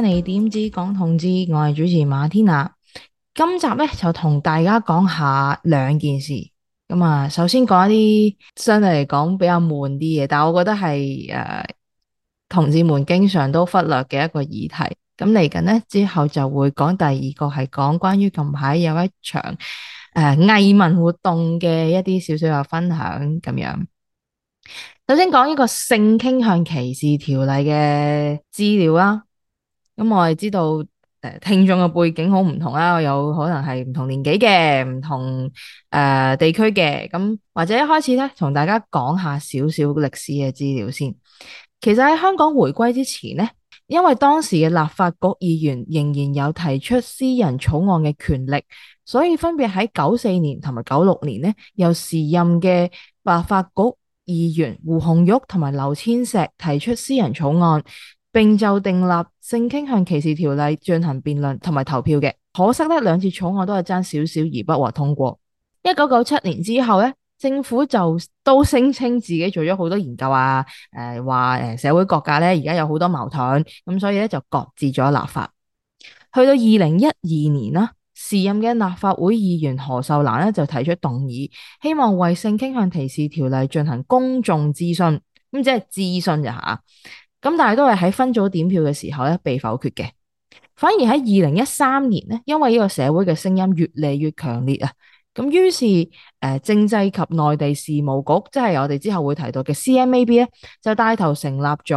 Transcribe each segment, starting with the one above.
你點知講同志？我係主持馬天娜。今集咧，就同大家講下兩件事。咁啊，首先講一啲相對嚟講比較悶啲嘢，但係我覺得係誒、啊，同志們經常都忽略嘅一個議題。咁嚟緊咧之後就會講第二個，係講關於近排有一場誒、呃、藝文活動嘅一啲少少嘅分享咁樣。首先講一個性傾向歧視條例嘅資料啦。咁、嗯、我哋知道，誒聽眾嘅背景好唔同啦，有可能係唔同年紀嘅，唔同誒、呃、地區嘅，咁或者一開始咧，同大家講下少少歷史嘅資料先。其實喺香港回歸之前咧，因為當時嘅立法局議員仍然有提出私人草案嘅權力，所以分別喺九四年同埋九六年咧，由時任嘅立法局議員胡紅玉同埋劉千石提出私人草案。並就訂立性傾向歧視條例進行辯論同埋投票嘅，可惜呢兩次草案都係爭少少而不獲通過。一九九七年之後咧，政府就都聲稱自己做咗好多研究啊，誒話誒社會各界咧而家有好多矛盾，咁所以咧就擱置咗立法。去到二零一二年啦，時任嘅立法會議員何秀蘭咧就提出動議，希望為性傾向歧視條例進行公眾諮詢，咁即係諮詢一下。咁但係都係喺分組點票嘅時候咧被否決嘅，反而喺二零一三年咧，因為呢個社會嘅聲音越嚟越強烈啊，咁於是誒政制及內地事務局，即係我哋之後會提到嘅 CMAB 咧，就帶頭成立咗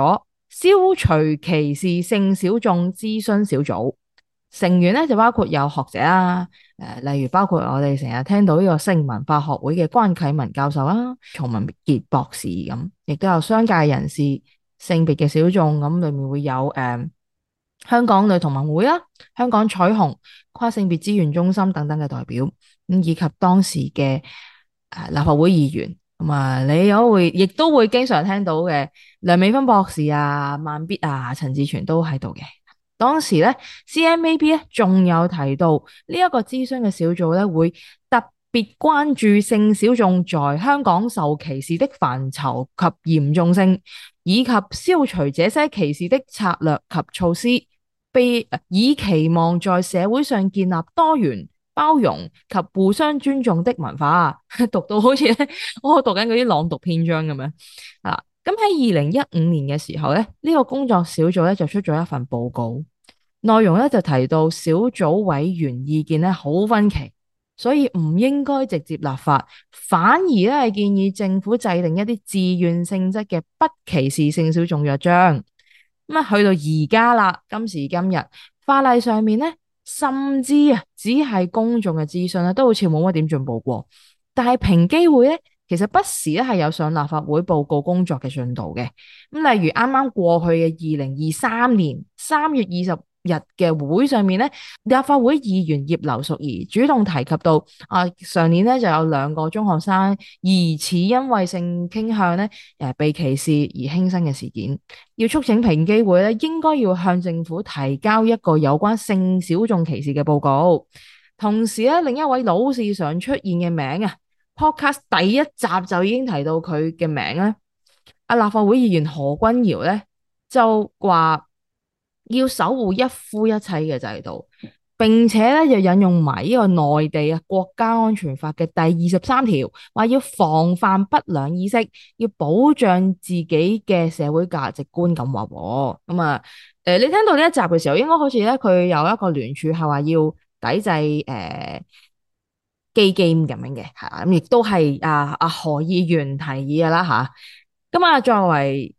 消除歧視性小眾諮詢小組，成員咧就包括有學者啊，誒例如包括我哋成日聽到呢個性文化學會嘅關啟文教授啊、曹文杰博士咁，亦都有商界人士。性別嘅小眾咁，裏面會有誒、嗯、香港女同盟會啦、香港彩虹跨性別資源中心等等嘅代表，咁以及當時嘅誒、呃、立法會議員，咁啊你有會亦都會經常聽到嘅梁美芬博士啊、萬必啊、陳志全都喺度嘅。當時咧，CMAB 咧仲有提到呢一、這個諮詢嘅小組咧會特。別關注性小眾在香港受歧視的範疇及嚴重性，以及消除這些歧視的策略及措施，被、呃、以期望在社會上建立多元、包容及互相尊重的文化。 讀到好似我讀緊嗰啲朗讀篇章咁樣啊！咁喺二零一五年嘅時候咧，呢、這個工作小組咧就出咗一份報告，內容咧就提到小組委員意見咧好分歧。所以唔應該直接立法，反而咧係建議政府制定一啲自願性質嘅不歧視性小眾約章。咁啊，去到而家啦，今時今日法例上面咧，甚至啊只係公眾嘅資訊咧，都好似冇乜點進步過。但係平機會咧，其實不時咧係有上立法會報告工作嘅進度嘅。咁例如啱啱過去嘅二零二三年三月二十日嘅會上面咧，立法會議員葉劉淑儀主動提及到啊，上年咧就有兩個中學生疑似因為性傾向咧誒被歧視而輕生嘅事件，要促請平機會咧應該要向政府提交一個有關性小眾歧視嘅報告。同時咧，另一位老是常出現嘅名啊，Podcast 第一集就已經提到佢嘅名咧，阿立法會議員何君堯咧就話，要守護一夫一妻嘅制度，並且咧又引用埋呢個內地啊國家安全法嘅第二十三條，話要防範不良意識，要保障自己嘅社會價值觀咁話。咁啊，誒、呃，你聽到呢一集嘅時候，應該好似咧佢有一個聯署係話要抵制誒、呃、基 game 咁樣嘅，係啦，亦都係啊啊何議員提議噶啦吓。咁啊，作為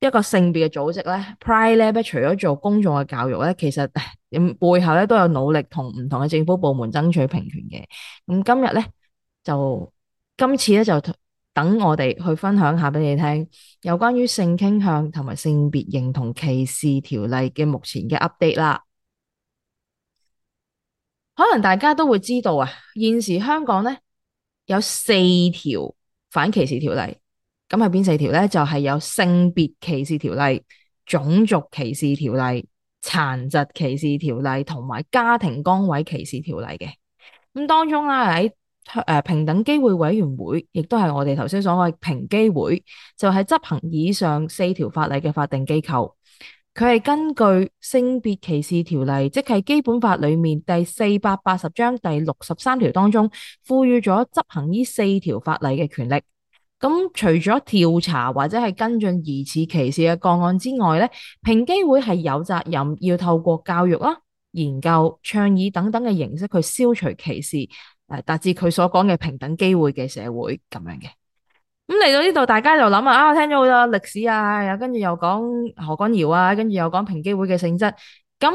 一個性別嘅組織呢 Pride 咧，除咗做公眾嘅教育呢，其實背後咧都有努力和不同唔同嘅政府部門爭取平權嘅。今日咧就今次咧就等我哋去分享下俾你聽有關於性傾向同埋性別認同歧視條例嘅目前嘅 update 啦。可能大家都會知道啊，現時香港咧有四條反歧視條例。咁係邊四條呢？就係有性別歧視條例、種族歧視條例、殘疾歧視條例同埋家庭崗位歧視條例嘅。咁當中咧喺平等機會委員會，亦都係我哋頭先所謂平機會，就係執行以上四條法例嘅法定機構。佢係根據性別歧視條例，即係基本法裏面第四百八十章第六十三條當中賦予咗執行呢四條法例嘅權力。咁除咗調查或者係跟進疑似歧視嘅個案之外咧，平機會係有責任要透過教育啦、研究、倡議等等嘅形式去消除歧視，誒達至佢所講嘅平等機會嘅社會咁樣嘅。咁嚟到呢度，大家就諗啊，我聽咗好多歷史啊，跟住又講何君堯啊，跟住又講平機會嘅性質。咁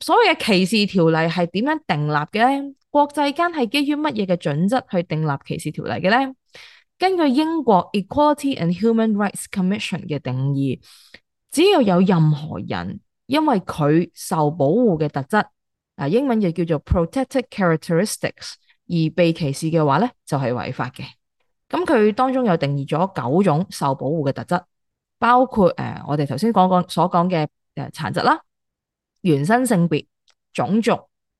所謂嘅歧視條例係點樣訂立嘅咧？國際間係基於乜嘢嘅準則去訂立歧視條例嘅咧？根據英國 Equality and Human Rights Commission 嘅定義，只要有，有任何人因為佢受保護嘅特質，啊英文就叫做 protected characteristics，而被歧視嘅話咧，就係違法嘅。咁佢當中有定義咗九種受保護嘅特質，包括誒我哋頭先講講所講嘅誒殘疾啦、原生性別、種族、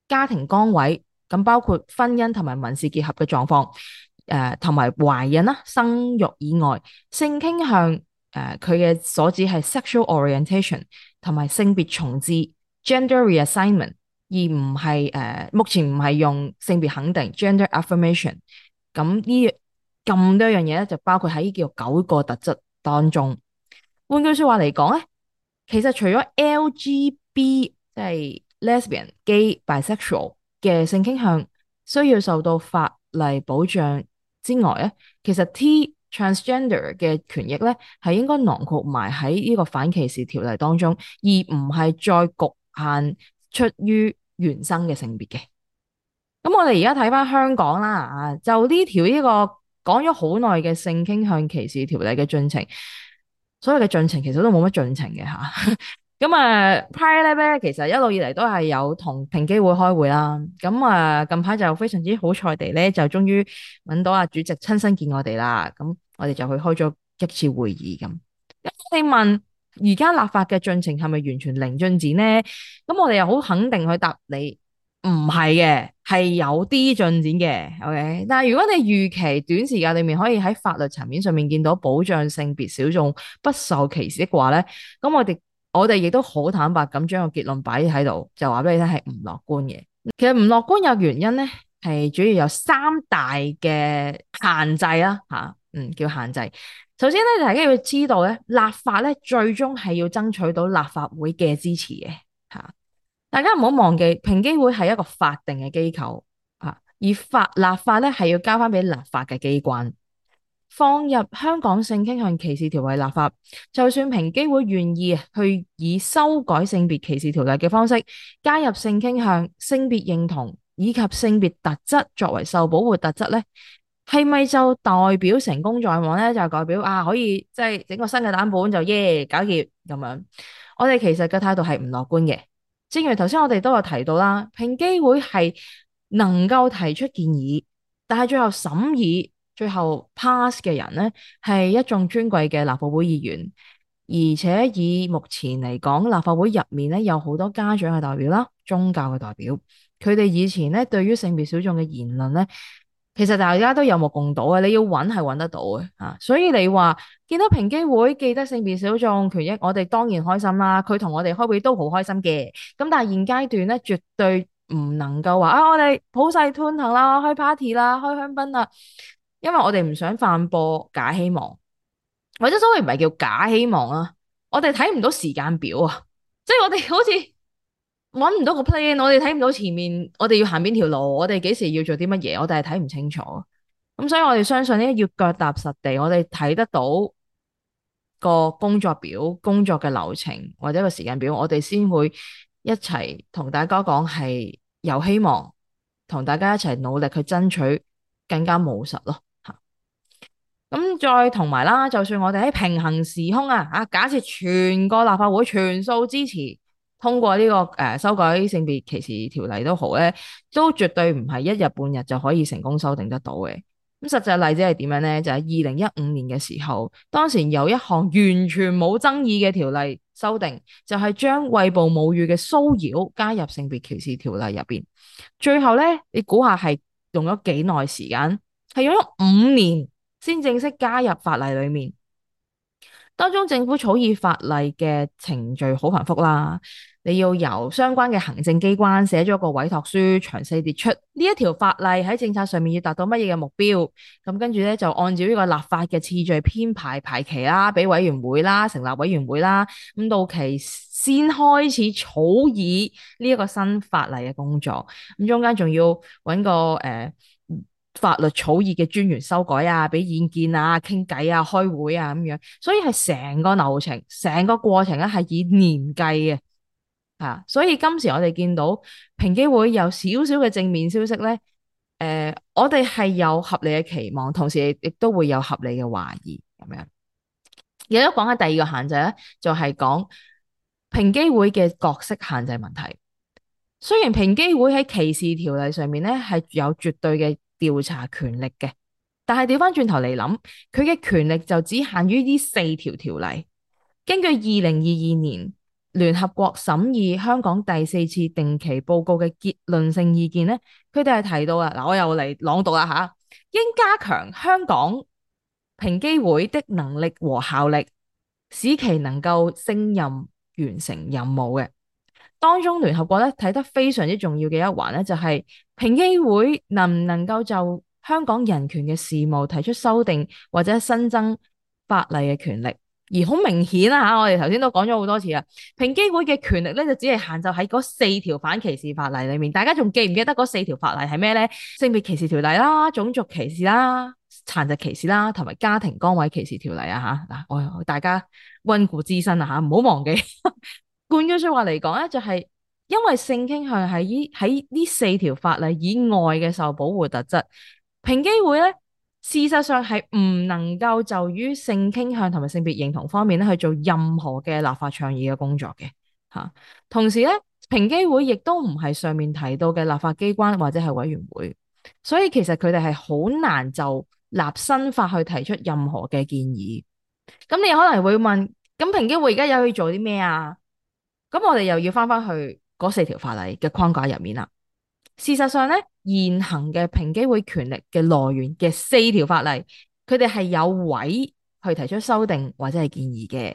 家庭崗位，咁包括婚姻同埋民事結合嘅狀況。誒同埋懷孕啦、生育以外性傾向，誒佢嘅所指係 sexual orientation，同埋性別重置 gender reassignment，而唔係誒目前唔係用性別肯定 gender affirmation。咁呢咁多樣嘢咧，就包括喺叫做九個特質當中。換句説話嚟講咧，其實除咗 LGB 即係 lesbian、gay、bisexual 嘅性傾向，需要受到法例保障。之外咧，其實 T transgender 嘅權益咧係應該囊括埋喺呢個反歧視條例當中，而唔係再局限出於原生嘅性別嘅。咁我哋而家睇翻香港啦，就呢條呢個講咗好耐嘅性傾向歧視條例嘅進程，所謂嘅進程其實都冇乜進程嘅吓。 咁啊，p 派咧咧，其實一路以嚟都係有同平機會開會啦。咁啊，近排就非常之好彩地咧，就終於揾到阿主席親身見我哋啦。咁我哋就去開咗一次會議咁。咁你問而家立法嘅進程係咪完全零進展咧？咁我哋又好肯定去答你唔係嘅，係有啲進展嘅。OK，但係如果你預期短時間裏面可以喺法律層面上面見到保障性別少眾不受歧視嘅話咧，咁我哋。我哋亦都好坦白咁將個結論擺喺度，就話俾你聽係唔樂觀嘅。其實唔樂觀有原因咧，係主要有三大嘅限制啦，吓，嗯，叫限制。首先咧，大家要知道咧，立法咧，最終係要爭取到立法會嘅支持嘅，吓，大家唔好忘記，平機會係一個法定嘅機構，吓，而法立法咧係要交翻俾立法嘅機關。放入香港性傾向歧視條例立法，就算平機會願意去以修改性別歧視條例嘅方式加入性傾向、性別認同以及性別特質作為受保護特質呢，係咪就代表成功在望呢？就代表啊，可以即係整、就是、個新嘅版本就耶搞掂咁樣？我哋其實嘅態度係唔樂觀嘅，正如頭先我哋都有提到啦，平機會係能夠提出建議，但係最後審議。最後 pass 嘅人咧係一眾尊貴嘅立法會議員，而且以目前嚟講，立法會入面咧有好多家長嘅代表啦，宗教嘅代表，佢哋以前咧對於性別小眾嘅言論咧，其實大家都有目共睹嘅，你要揾係揾得到嘅啊！所以你話見到平機會記得性別小眾權益，我哋當然開心啦。佢同我哋開會都好開心嘅。咁但係現階段咧，絕對唔能夠話啊，我哋普世歡騰啦，開 party 啦，開香檳啦！因為我哋唔想散播假希望，或者所謂唔係叫假希望啊，我哋睇唔到時間表啊，即係我哋好似搵唔到個 plan，我哋睇唔到前面，我哋要行邊條路，我哋幾時要做啲乜嘢，我哋係睇唔清楚。咁所以我哋相信呢，要腳踏實地，我哋睇得到個工作表、工作嘅流程或者個時間表，我哋先會一齊同大家講係有希望，同大家一齊努力去爭取更加務實咯。咁再同埋啦，就算我哋喺平行時空啊，假設全個立法會全數支持通過呢，這個誒、呃、修改性別歧視條例都好咧，都絕對唔係一日半日就可以成功修訂得到嘅。咁實際例子係點樣呢？就係二零一五年嘅時候，當時有一項完全冇爭議嘅條例修訂，就係將餵哺母乳嘅騷擾加入性別歧視條例入邊。最後呢，你估下係用咗幾耐時間？係用咗五年。先正式加入法例裏面，當中政府草擬法例嘅程序好繁複啦。你要由相關嘅行政機關寫咗個委託書，詳細列出呢一條法例喺政策上面要達到乜嘢嘅目標。咁跟住咧就按照呢個立法嘅次序編排排期啦，俾委員會啦，成立委員會啦。咁到期先開始草擬呢一個新法例嘅工作。咁中間仲要揾個誒。呃法律草擬嘅專員修改啊，俾意見啊，傾偈啊，開會啊，咁樣，所以係成個流程，成個過程咧係以年計嘅，吓、啊，所以今時我哋見到平機會有少少嘅正面消息咧，誒、呃，我哋係有合理嘅期望，同時亦都會有合理嘅懷疑咁樣。而家講下第二個限制咧，就係講平機會嘅角色限制問題。雖然平機會喺歧視條例上面咧係有絕對嘅。調查權力嘅，但係調返轉頭嚟諗，佢嘅權力就只限於呢四條條例。根據二零二二年聯合國審議香港第四次定期報告嘅結論性意見咧，佢哋係提到啊，嗱我又嚟朗讀啦吓，應加強香港平機會的能力和效力，使其能夠勝任完成任務嘅。當中聯合國咧睇得非常之重要嘅一環咧，就係、是。平機會能唔能夠就香港人權嘅事務提出修訂或者新增法例嘅權力，而好明顯啦嚇，我哋頭先都講咗好多次啊。平機會嘅權力咧，就只係限就喺嗰四條反歧視法例裡面。大家仲記唔記得嗰四條法例係咩咧？性別歧視條例啦、種族歧視啦、殘疾歧視啦，同埋家庭崗位歧視條例啊嚇。嗱，我大家溫故知新啊嚇，唔好忘記。 換句嘅説話嚟講咧，就係。因為性傾向係依喺呢四條法例以外嘅受保護特質，平機會咧事實上係唔能夠就於性傾向同埋性別認同方面咧去做任何嘅立法倡議嘅工作嘅嚇。同時咧，平機會亦都唔係上面提到嘅立法機關或者係委員會，所以其實佢哋係好難就立新法去提出任何嘅建議。咁你可能會問，咁平機會而家又去做啲咩啊？咁我哋又要返返去。嗰四條法例嘅框架入面啦，事實上咧現行嘅平機會權力嘅來源嘅四條法例，佢哋係有位去提出修訂或者係建議嘅。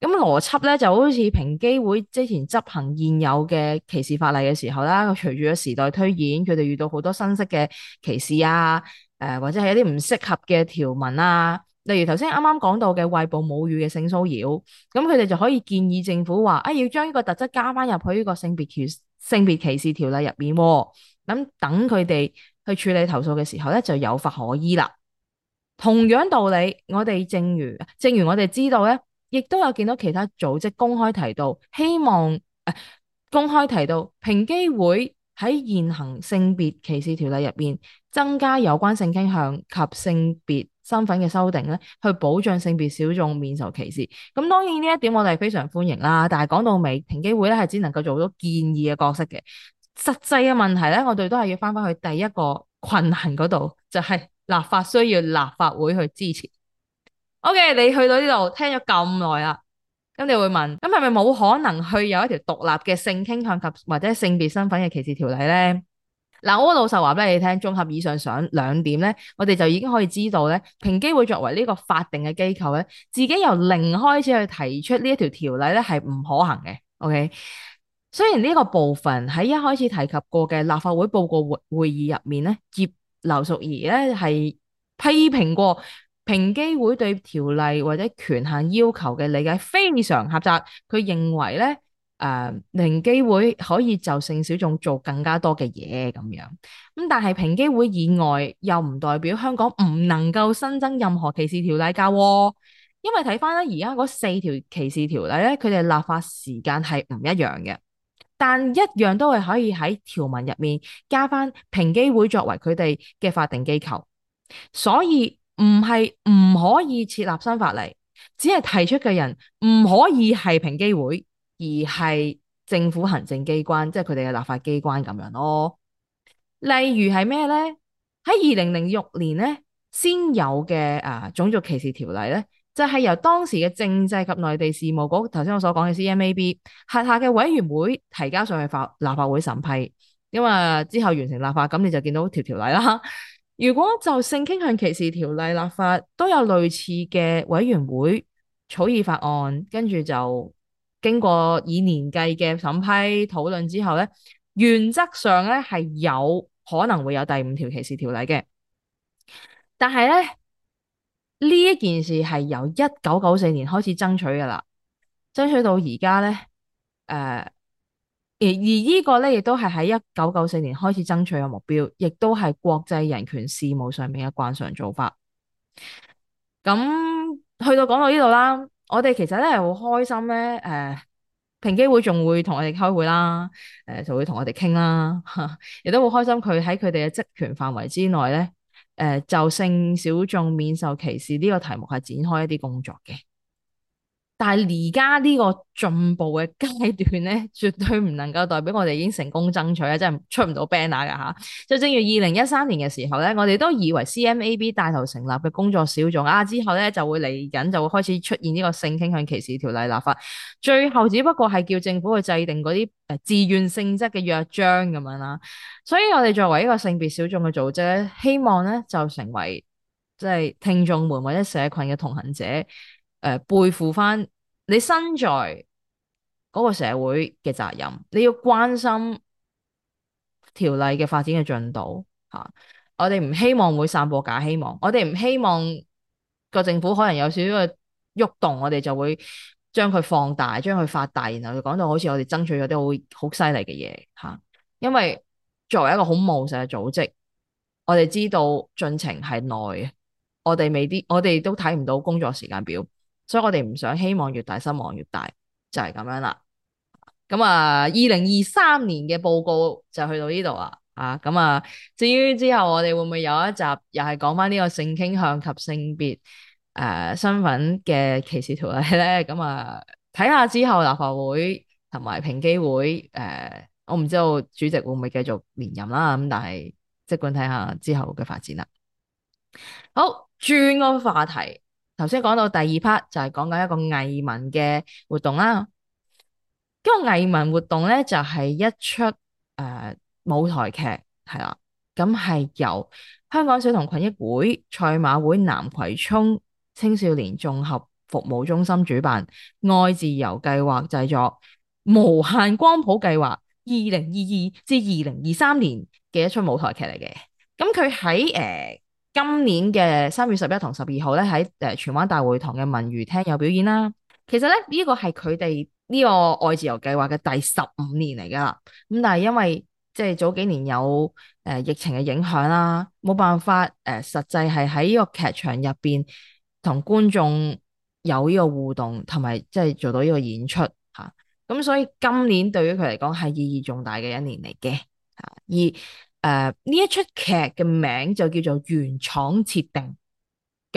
咁邏輯咧就好似平機會之前執行現有嘅歧視法例嘅時候啦，隨住咗時代推演，佢哋遇到好多新式嘅歧視啊，誒、呃、或者係一啲唔適合嘅條文啊。例如頭先啱啱講到嘅餵哺母乳嘅性騷擾，咁佢哋就可以建議政府話，啊、哎，要將呢個特質加翻入去呢個性別歧性別歧視條例入邊。咁等佢哋去處理投訴嘅時候咧，就有法可依啦。同樣道理，我哋正如正如我哋知道咧，亦都有見到其他組織公開提到希望，誒、呃、公開提到平機會喺現行性別歧視條例入邊增加有關性傾向及性別身份嘅修訂咧，去保障性別小眾免受歧視。咁當然呢一點我哋係非常歡迎啦。但係講到尾，平機會咧係只能夠做到建議嘅角色嘅。實際嘅問題咧，我哋都係要翻翻去第一個困難嗰度，就係、是、立法需要立法會去支持。O、okay, K，你去到呢度聽咗咁耐啦，咁你會問，咁係咪冇可能去有一條獨立嘅性傾向及或者性別身份嘅歧視條例咧？嗱，我老實話俾你聽，綜合以上上兩點咧，我哋就已經可以知道咧，平機會作為呢個法定嘅機構咧，自己由零開始去提出呢一條條例咧，係唔可行嘅。OK，雖然呢個部分喺一開始提及過嘅立法會報告會會議入面咧，葉劉淑儀咧係批評過平機會對條例或者權限要求嘅理解非常狹窄，佢認為咧。誒，uh, 零機會可以就性小眾做更加多嘅嘢咁樣，咁但係平機會以外，又唔代表香港唔能夠新增任何歧視條例噶喎，因為睇翻咧而家嗰四條歧視條例咧，佢哋立法時間係唔一樣嘅，但一樣都係可以喺條文入面加翻平機會作為佢哋嘅法定機構，所以唔係唔可以設立新法例，只係提出嘅人唔可以係平機會。而係政府行政機關，即係佢哋嘅立法機關咁樣咯。例如係咩咧？喺二零零六年咧，先有嘅啊種族歧視條例咧，就係、是、由當時嘅政制及內地事務局，頭先我所講嘅 CMAB 轄下嘅委員會提交上去法立法會審批。因為、啊、之後完成立法，咁你就見到條條例啦。 如果就性傾向歧視條例立法，都有類似嘅委員會草擬法案，跟住就。經過以年計嘅審批討論之後咧，原則上咧係有可能會有第五條歧視條例嘅，但係咧，呢一件事係由一九九四年開始爭取嘅啦，爭取到而家呢、呃、而家咧，誒而而呢個咧亦都係喺一九九四年開始爭取嘅目標，亦都係國際人權事務上面嘅慣常做法。咁去到講到呢度啦。我哋其實咧係好開心咧，誒、呃、平機會仲會同我哋開會啦，誒、呃、就會同我哋傾啦，亦都好開心佢喺佢哋嘅職權範圍之內咧，誒、呃、就性小眾免受歧視呢個題目係展開一啲工作嘅。但係而家呢個進步嘅階段咧，絕對唔能夠代表我哋已經成功爭取啊！真係出唔到 banner 噶吓，就正如二零一三年嘅時候咧，我哋都以為 CMAB 帶頭成立嘅工作小組啊，之後咧就會嚟緊就會開始出現呢個性傾向歧視條例立法，最後只不過係叫政府去制定嗰啲誒自願性質嘅約章咁樣啦。所以我哋作為一個性別小眾嘅組織咧，希望咧就成為即係聽眾們或者社群嘅同行者。誒背負翻你身在嗰個社會嘅責任，你要關心條例嘅發展嘅進度吓，我哋唔希望會散播假希望，我哋唔希望個政府可能有少少嘅喐動，我哋就會將佢放大、將佢發大，然後就講到好似我哋爭取咗啲好好犀利嘅嘢吓。因為作為一個好務實嘅組織，我哋知道進程係耐嘅，我哋未啲，我哋都睇唔到工作時間表。所以我哋唔想希望越大失望越大，就係、是、咁樣啦。咁啊，二零二三年嘅報告就去到呢度啊。啊，咁啊，至於之後我哋會唔會有一集又係講返呢個性傾向及性別誒、呃、身份嘅歧視條例咧？咁 啊，睇下之後立法會同埋平機會誒、呃，我唔知道主席會唔會繼續連任啦。咁但係即管睇下之後嘅發展啦。好，轉個話題。頭先講到第二 part 就係、是、講緊一個藝文嘅活動啦，咁個藝文活動咧就係、是、一出誒、呃、舞台劇係啦，咁係由香港小童群益會賽馬會南葵涌青少年綜合服務中心主辦，愛自由計劃製作，無限光譜計劃二零二二至二零二三年嘅一出舞台劇嚟嘅，咁佢喺誒。今年嘅三月十一同十二號咧喺誒荃灣大會堂嘅文娛廳有表演啦。其實咧呢個係佢哋呢個愛自由計劃嘅第十五年嚟噶啦。咁但係因為即係、就是、早幾年有誒、呃、疫情嘅影響啦，冇辦法誒、呃、實際係喺呢個劇場入邊同觀眾有呢個互動同埋即係做到呢個演出吓。咁、啊、所以今年對於佢嚟講係意義重大嘅一年嚟嘅吓，而誒，呢、uh, 一出劇嘅名就叫做《原廠設定》。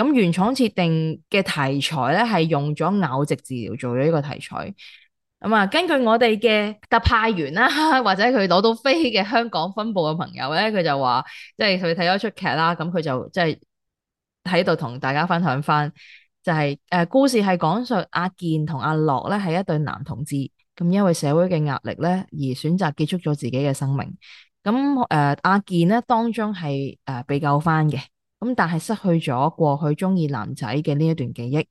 咁《原廠設定》嘅題材咧，係用咗拗直治療做咗呢個題材。咁啊，根據我哋嘅特派員啦、啊，或者佢攞到飛嘅香港分部嘅朋友咧，佢就話，即係佢睇咗一出劇啦。咁佢就即係喺度同大家分享翻、就是，就係誒，故事係講述阿健同阿樂咧係一對男同志，咁因為社會嘅壓力咧而選擇結束咗自己嘅生命。咁阿健咧當中係誒被救翻嘅，咁但係失去咗過去中意男仔嘅呢一段記憶。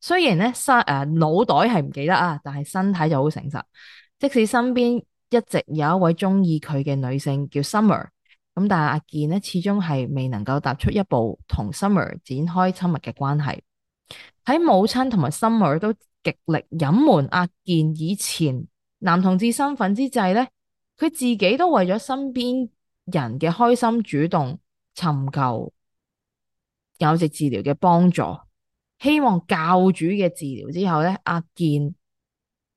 雖然咧身腦袋係唔記得啊，但係身體就好誠實。即使身邊一直有一位中意佢嘅女性叫 Summer，咁但係阿健咧始終係未能夠踏出一步同 Summer 展開親密嘅關係。喺母親同埋 Summer 都極力隱瞞阿健以前男同志身份之際咧。佢自己都為咗身邊人嘅開心，主動尋求拗直治療嘅幫助，希望教主嘅治療之後咧，阿健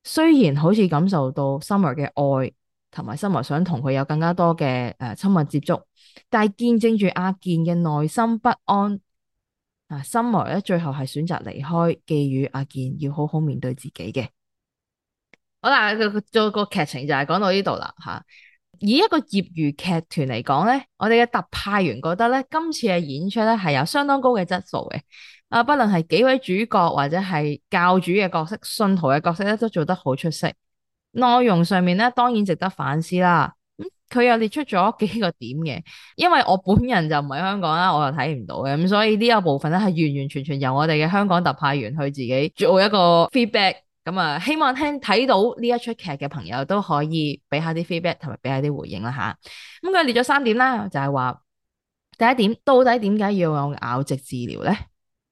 雖然好似感受到 summer 嘅愛，同埋 summer 想同佢有更加多嘅誒親密接觸，但係見證住阿健嘅內心不安啊，summer 咧最後係選擇離開，寄語阿健要好好面對自己嘅。好啦做，個劇情就係講到呢度啦嚇，以一個業餘劇團嚟講咧，我哋嘅特派員覺得咧，今次嘅演出咧係有相當高嘅質素嘅。啊，不論係幾位主角或者係教主嘅角色，信徒嘅角色咧，都做得好出色。內容上面咧當然值得反思啦。咁、嗯、佢又列出咗幾個點嘅，因為我本人就唔喺香港啦，我又睇唔到嘅咁，所以呢個部分咧係完完全全由我哋嘅香港特派員去自己做一個 feedback。咁啊，希望聽睇到呢一齣劇嘅朋友都可以俾下啲 feedback，同埋俾下啲回應啦吓。咁佢列咗三點啦，就係話第一點，到底點解要有拗直治療呢？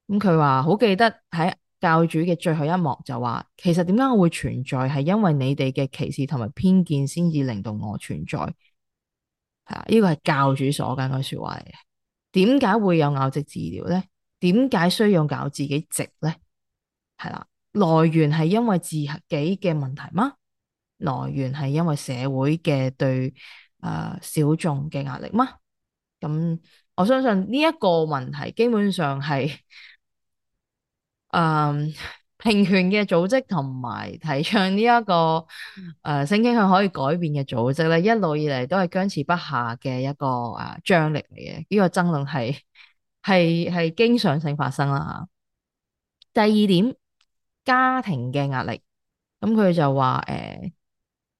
咁佢話好記得喺教主嘅最後一幕就話，其實點解我會存在，係因為你哋嘅歧視同埋偏見先至令到我存在。係啊，呢個係教主所講嘅說話嚟嘅。點解會有拗直治療呢？點解需要拗自己直呢？係啦。來源係因為自己嘅問題嗎？來源係因為社會嘅對誒、呃、小眾嘅壓力嗎？咁我相信呢一個問題基本上係誒、嗯、平權嘅組織同埋提倡呢一個誒、呃、性傾向可以改變嘅組織咧，一路以嚟都係僵持不下嘅一個誒、啊、張力嚟嘅，呢、這個爭論係係係經常性發生啦嚇、啊。第二點。家庭嘅壓力，咁佢就話：誒、欸、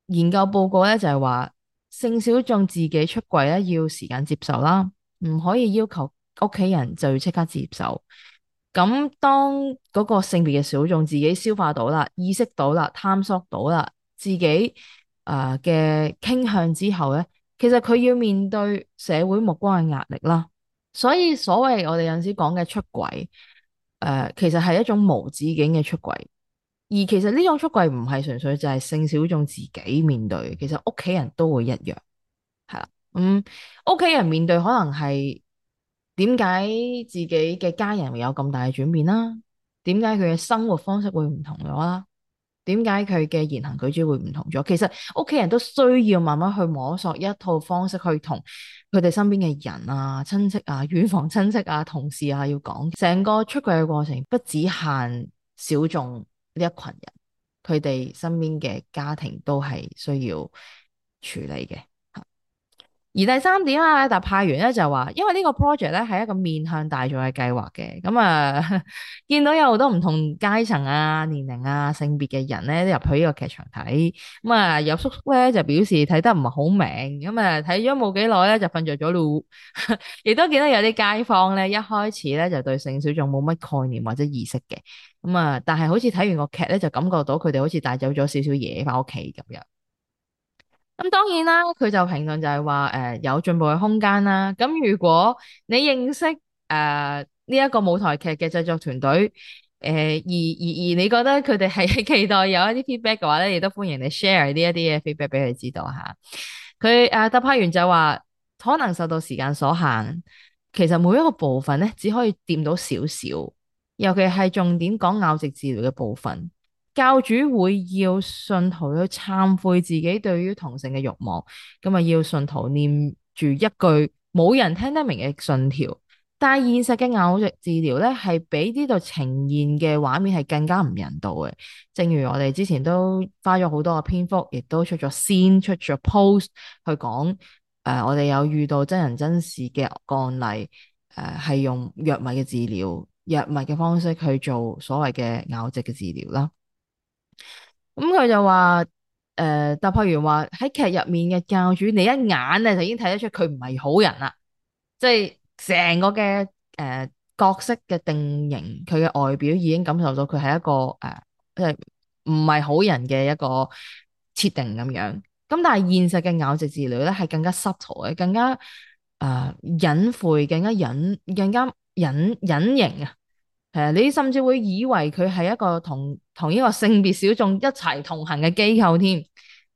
研究報告咧就係、是、話，性小眾自己出櫃咧要時間接受啦，唔可以要求屋企人就要即刻接受。咁當嗰個性別嘅小眾自己消化到啦、意識到啦、探索到啦，自己誒嘅、呃、傾向之後咧，其實佢要面對社會目光嘅壓力啦。所以所謂我哋有時講嘅出櫃。誒，uh, 其實係一種無止境嘅出軌，而其實呢種出軌唔係純粹就係性小眾自己面對，其實屋企人都會一樣，係啦，嗯，屋企人面對可能係點解自己嘅家人會有咁大嘅轉變啦，點解佢嘅生活方式會唔同咗啦？點解佢嘅言行舉止會唔同咗？其實屋企人都需要慢慢去摸索一套方式，去同佢哋身邊嘅人啊、親戚啊、遠房親戚啊、同事啊要講。成個出櫃嘅過程，不止限小眾呢一群人，佢哋身邊嘅家庭都係需要處理嘅。而第三點啊，特派員咧就話，因為呢個 project 咧係一個面向大眾嘅計劃嘅，咁啊見到有好多唔同階層啊、年齡啊、性別嘅人咧都入去呢個劇場睇，咁啊有叔叔咧就表示睇得唔係好明，咁啊睇咗冇幾耐咧就瞓着咗咯，亦都見到有啲街坊咧一開始咧就對性小眾冇乜概念或者意識嘅，咁啊但係好似睇完個劇咧就感覺到佢哋好似帶走咗少少嘢翻屋企咁樣。咁當然、呃、啦，佢就評論就係話，誒有進步嘅空間啦。咁如果你認識誒呢一個舞台劇嘅製作團隊，誒、呃、而而而你覺得佢哋係期待有一啲 feedback 嘅話咧，亦都歡迎你 share 呢一啲嘅 feedback 俾佢知道吓。佢誒特派員就話，可能受到時間所限，其實每一個部分咧只可以掂到少少，尤其係重點講拗直治療嘅部分。教主會要信徒去懺悔自己對於同性嘅慾望，咁啊要信徒念住一句冇人聽得明嘅信條。但係現實嘅拗直治療咧，係比呢度呈現嘅畫面係更加唔人道嘅。正如我哋之前都花咗好多嘅篇幅，亦都出咗先出咗 post 去講、呃，我哋有遇到真人真事嘅案例，誒、呃、係用藥物嘅治療、藥物嘅方式去做所謂嘅拗直嘅治療啦。咁佢就話，誒、呃，特派員話喺劇入面嘅教主，你一眼咧就已經睇得出佢唔係好人啦，即係成個嘅誒、呃、角色嘅定型，佢嘅外表已經感受到佢係一個誒，即係唔係好人嘅一個設定咁樣。咁但係現實嘅拗直治療咧，係更加 subtle 嘅，更加誒隱、呃、晦，更加隱更加隱隱形啊。誒、啊，你甚至會以為佢係一個同同依個性別小眾一齊同行嘅機構添，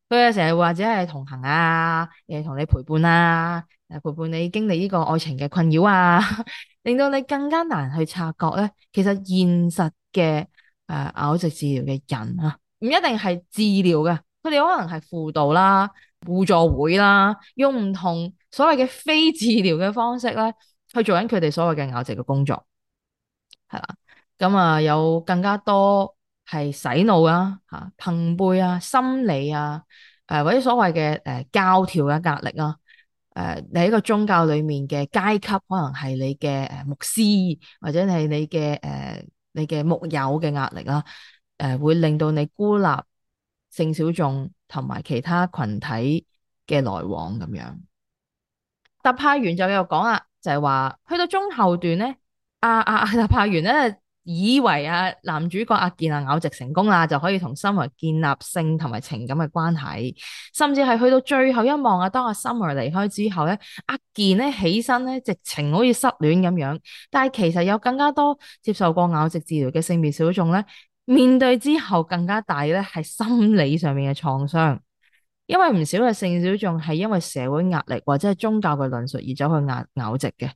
佢又成日或者係同行啊，誒，同你陪伴啊，誒，陪伴你經歷呢個愛情嘅困擾啊，呵呵令到你更加難去察覺咧。其實現實嘅誒、呃、拗直治療嘅人啊，唔一定係治療嘅，佢哋可能係輔導啦、啊、互助會啦、啊，用唔同所謂嘅非治療嘅方式咧，去做緊佢哋所謂嘅拗直嘅工作。係啦，咁啊、嗯、有更加多係洗腦啊，吓、朋輩啊，心理啊，誒、呃、或者所謂嘅誒教條嘅壓力啊。誒、呃、你喺一個宗教裏面嘅階級，可能係你嘅誒牧師，或者係你嘅誒、呃、你嘅牧友嘅壓力啊，誒、呃、會令到你孤立性小眾同埋其他群體嘅來往咁樣。特派員就繼續講啦，就係、是、話去到中後段咧。阿阿阿特派完咧，以為阿男主角阿健啊咬直成功啦，就可以同 Summer 建立性同埋情感嘅關係，甚至係去到最後一望啊，當阿 Summer 離開之後咧，阿健咧起身咧，直情好似失戀咁樣。但係其實有更加多接受過咬直治療嘅性別小眾咧，面對之後更加大咧係心理上面嘅創傷，因為唔少嘅性小眾係因為社會壓力或者係宗教嘅論述而走去咬咬直嘅。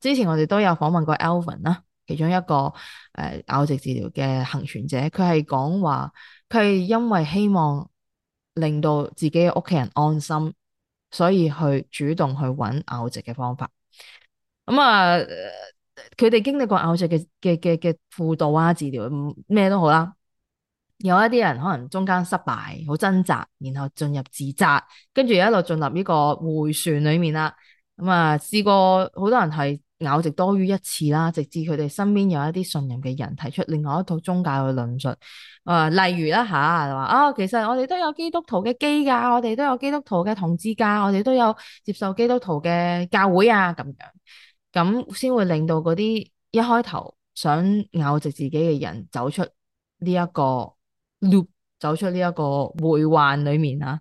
之前我哋都有訪問過 Alvin 啦，其中一個誒、呃、拗直治療嘅幸存者，佢係講話佢係因為希望令到自己嘅屋企人安心，所以去主動去揾拗直嘅方法。咁、嗯、啊，佢、呃、哋經歷過拗直嘅嘅嘅嘅輔導啊、治療咩都好啦，有一啲人可能中間失敗，好掙扎，然後進入自責，跟住一路進入呢個回旋裏面啦。咁啊，試過好多人係咬直多於一次啦，直至佢哋身邊有一啲信任嘅人提出另外一套宗教嘅論述，啊、呃，例如啦嚇話啊，其實我哋都有基督徒嘅基㗎，我哋都有基督徒嘅同志㗎，我哋都有接受基督徒嘅教會啊，咁樣，咁先會令到嗰啲一開頭想咬直自己嘅人走出呢一個 loop，走出呢一個幻夢裡面啊。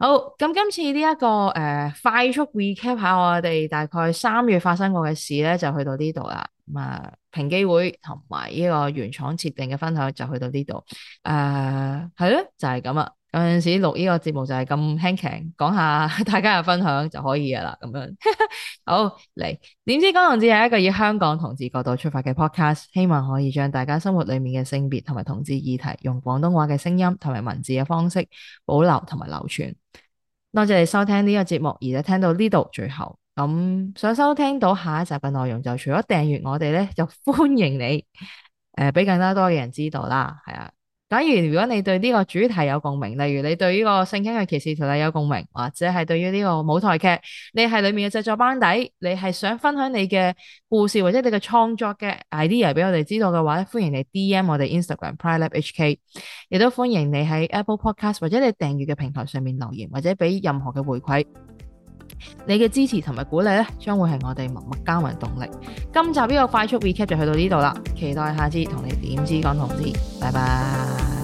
好，咁今次呢、這、一個、呃、快速 recap 下我哋大概三月發生過嘅事呢，就去到呢度啦。咁啊，平機會同埋呢個原廠設定嘅分享就去到呢度。誒、呃，係咯，就係咁啊。有陣時錄呢個節目就係咁輕巧，講下大家嘅分享就可以噶啦，咁樣 好嚟。點知《光同志》係一個以香港同志角度出發嘅 Podcast，希望可以將大家生活裏面嘅性別同埋同志議題，用廣東話嘅聲音同埋文字嘅方式保留同埋流傳。多謝你收聽呢個節目，而且聽到呢度最後。咁想收聽到下一集嘅內容，就除咗訂閱我哋咧，就歡迎你誒，俾、呃、更加多嘅人知道啦，係啊。假如如果你對呢個主題有共鳴，例如你對呢個性傾向歧視條例有共鳴，或者係對於呢個舞台劇，你係裏面嘅製作班底，你係想分享你嘅故事或者你嘅創作嘅 idea 俾我哋知道嘅話咧，歡迎你 DM 我哋 Instagram PrideLab HK，亦都歡迎你喺 Apple Podcast 或者你訂閱嘅平台上面留言或者俾任何嘅回饋。你嘅支持同埋鼓勵將會係我哋默默耕耘嘅動力。今集呢個快速 recap 就去到呢度啦，期待下次同你點知講同志。拜拜。